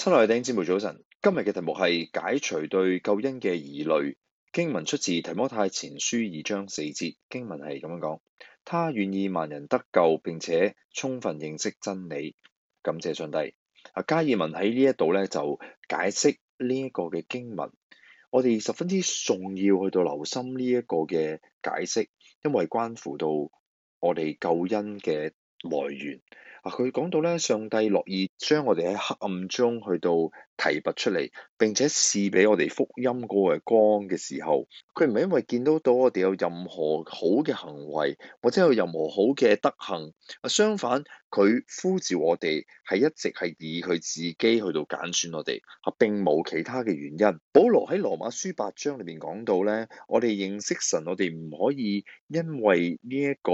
親愛嘅弟兄姊妹，早晨。今日嘅題目係解除對救恩嘅疑慮。經文出自提摩太前書二章四節。經文係咁樣講：他願意萬人得救，並且充分認識真理。感謝上帝。阿加爾文喺呢一度咧就解釋呢一個嘅經文。我哋十分之重要去到留心呢一個嘅解釋，因為關乎到我哋救恩嘅。來源嗱，佢、啊、講到咧，上帝樂意將我哋喺黑暗中去到提拔出嚟，並且賜俾我哋福音嗰個光嘅時候，佢唔係因為見到到我哋有任何好嘅行為，或者有任何好嘅德行。啊，相反佢呼召我哋係一直係以佢自己去到揀選我哋，啊，並冇其他嘅原因。保羅喺羅馬書八章裏面講到咧，我哋認識神，我哋唔可以因為呢、這、一個。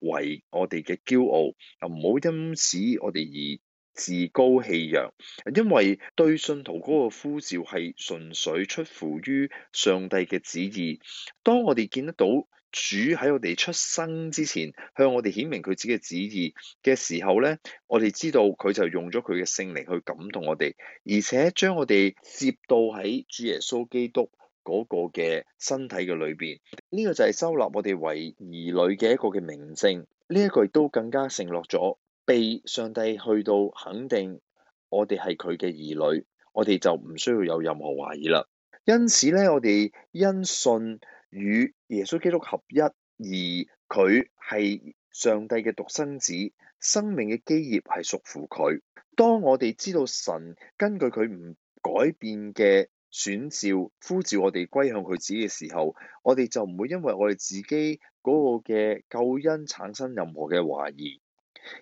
為我哋嘅驕傲啊，唔好因此我哋而自高氣揚，因為對信徒嗰個呼召係純粹出乎於上帝嘅旨意。當我哋見得到主喺我哋出生之前向我哋顯明佢自己嘅旨意嘅時候咧，我哋知道佢就用咗佢嘅聖靈去感動我哋，而且將我哋接到喺主耶穌基督。嗰、那個嘅身體嘅裏邊，呢個就係收納我哋為兒女嘅一個嘅明證。呢一句都更加承諾咗，被上帝去到肯定我哋係佢嘅兒女，我哋就唔需要有任何懷疑啦。因此咧，我哋因信與耶穌基督合一，而佢係上帝嘅獨生子，生命嘅基業係屬乎佢。當我哋知道神根據佢唔改變嘅。選召呼召我哋歸向佢自己嘅時候，我哋就唔會因為我哋自己嗰個嘅救恩產生任何嘅懷疑。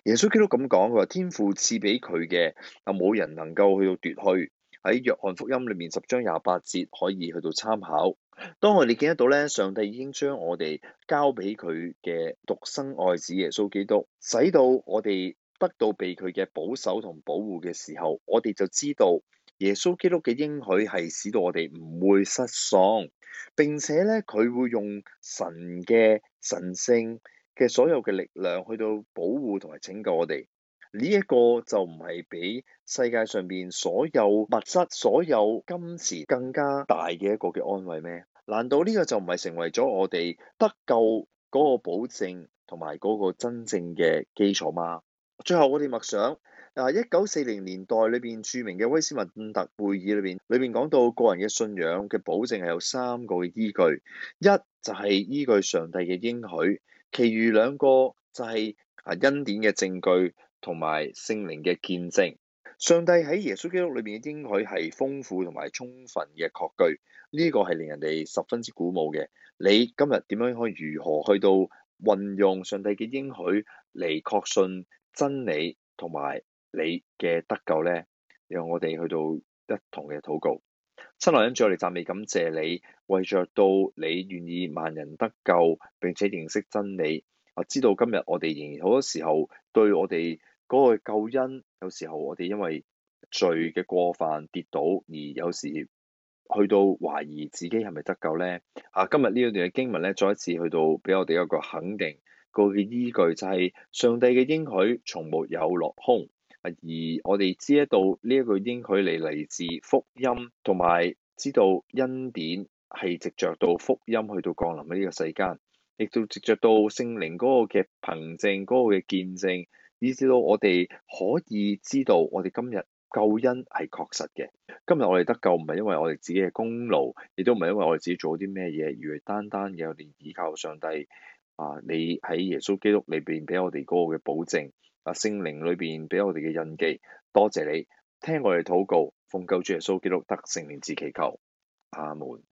耶穌基督咁講，佢話天父賜俾佢嘅啊，冇人能夠去到奪去。喺約翰福音裏面十章廿八節可以去到參考。當我哋見得到咧，上帝已經將我哋交俾佢嘅獨生愛子耶穌基督，使到我哋得到被佢嘅保守同保護嘅時候，我哋就知道。耶穌基督嘅應許係使到我哋唔會失喪，並且咧佢會用神嘅神聖嘅所有嘅力量去到保護同埋拯救我哋。呢、這、一個就唔係比世界上邊所有物質、所有金錢更加大嘅一個嘅安慰咩？難道呢個就唔係成為咗我哋得救嗰個保證同埋嗰個真正嘅基礎嗎？最後我哋默想。一九四零年代裏邊著名嘅威斯敏特會議裏邊，裏邊講到個人嘅信仰嘅保證係有三個依據，一就係依據上帝嘅應許，其餘兩個就係啊恩典嘅證據同埋聖靈嘅見證。上帝喺耶穌基督裏面嘅應許係豐富同埋充分嘅確據，呢個係令人哋十分之鼓舞嘅。你今日點樣可以如何去到運用上帝嘅應許嚟確信真理同埋？你嘅得救咧，讓我哋去到一同嘅禱告。新來恩主，我哋讚美感謝你，為著到你願意萬人得救，並且認識真理。啊，知道今日我哋仍然好多時候對我哋嗰個救恩，有時候我哋因為罪嘅過犯跌倒，而有時去到懷疑自己係咪得救咧？啊，今日呢一段嘅經文咧，再一次去到俾我哋一個肯定，嗰個嘅依據就係上帝嘅應許從沒有落空。而我哋知道呢一句應許嚟嚟自福音，同埋知道恩典係藉著到福音去到降臨喺呢個世間，亦都藉著到聖靈嗰個嘅憑證、嗰、嗰個嘅見證，以至到我哋可以知道我哋今日救恩係確實嘅。今日我哋得救唔係因為我哋自己嘅功勞，亦都唔係因為我哋自己做啲咩嘢，而係單單有連倚靠上帝啊，你喺耶穌基督裏邊俾我哋嗰個嘅保證。聖靈裏邊俾我哋嘅印記，多謝你聽我哋禱告，奉救主耶穌基督得聖靈自祈求，阿門。